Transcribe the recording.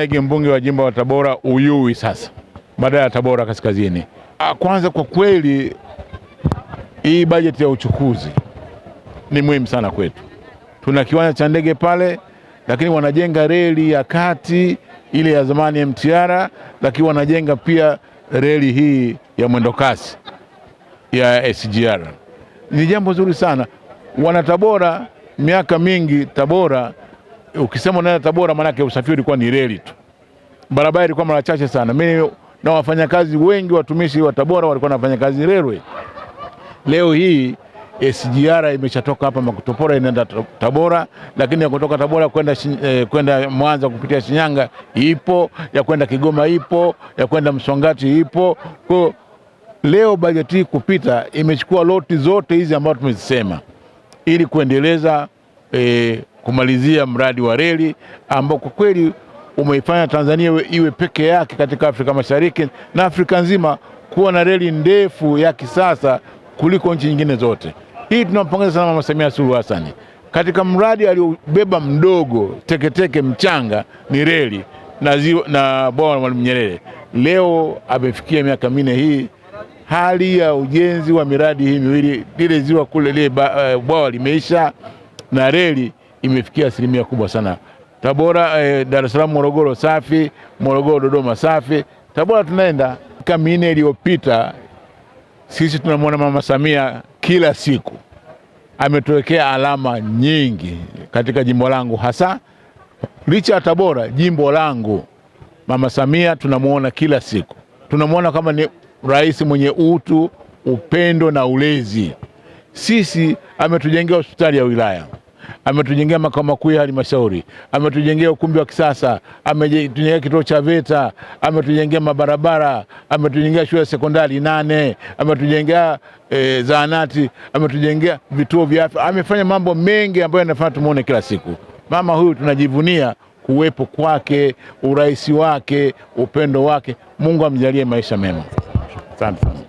Mege, mbunge wa jimbo la Tabora Uyui, sasa baada ya Tabora Kaskazini. Ah, kwanza kwa kweli, hii bajeti ya uchukuzi ni muhimu sana kwetu. Tuna kiwanja cha ndege pale, lakini wanajenga reli ya kati ile ya zamani MTR, lakini wanajenga pia reli hii ya mwendokasi ya SGR. Ni jambo zuri sana wana tabora miaka mingi Tabora ukisema unaenda Tabora maanake usafiri ulikuwa ni reli tu barabara ilikuwa mara chache sana. Mimi na wafanyakazi wengi watumishi wa Tabora walikuwa na kazi railway. Leo hii SGR imeshatoka hapa Makutopora inaenda Tabora, lakini ya kutoka Tabora kwenda eh, kwenda Mwanza kupitia Shinyanga ipo, ya kwenda Kigoma ipo, ya kwenda Msongati ipo. Kwa leo bajeti kupita imechukua loti zote hizi ambazo tumezisema ili kuendeleza eh, kumalizia mradi wa reli ambao kwa kweli umeifanya Tanzania iwe peke yake katika Afrika Mashariki na Afrika nzima kuwa na reli ndefu ya kisasa kuliko nchi nyingine zote. Hii tunampongeza sana Mama Samia Suluhu Hassan katika mradi aliobeba mdogo teketeke teke mchanga ni reli na, na bwawa la Mwalimu Nyerere. Leo amefikia miaka minne hii hali ya ujenzi wa miradi hii miwili, lile ziwa kule, lile eh, bwawa limeisha na reli imefikia asilimia kubwa sana. Tabora eh, Dar es Salaam Morogoro safi, Morogoro Dodoma safi, Tabora tunaenda. Miaka minne iliyopita sisi tunamwona Mama Samia kila siku, ametuwekea alama nyingi katika jimbo langu, hasa licha ya Tabora, jimbo langu. Mama Samia tunamwona kila siku, tunamwona kama ni rais mwenye utu, upendo na ulezi. Sisi ametujengea hospitali ya wilaya ametujengea makao makuu ya halmashauri, ametujengea ukumbi wa kisasa, ametujengea kituo cha VETA, ametujengea mabarabara, ametujengea shule ya sekondari nane, ametujengea e, zahanati, ametujengea vituo vya afya, amefanya mambo mengi ambayo yanafanya tumuone kila siku. Mama huyu tunajivunia kuwepo kwake, urahisi wake, upendo wake. Mungu amjalie maisha mema. Asante sana.